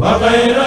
Zakatola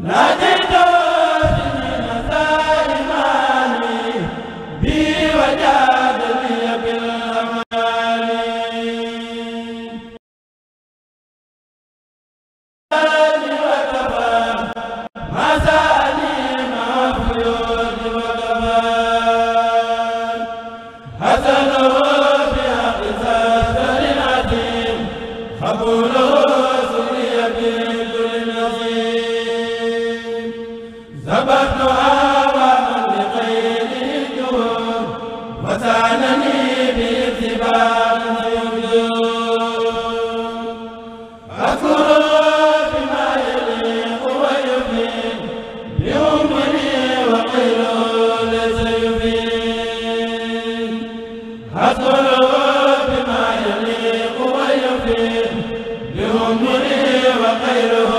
na خيره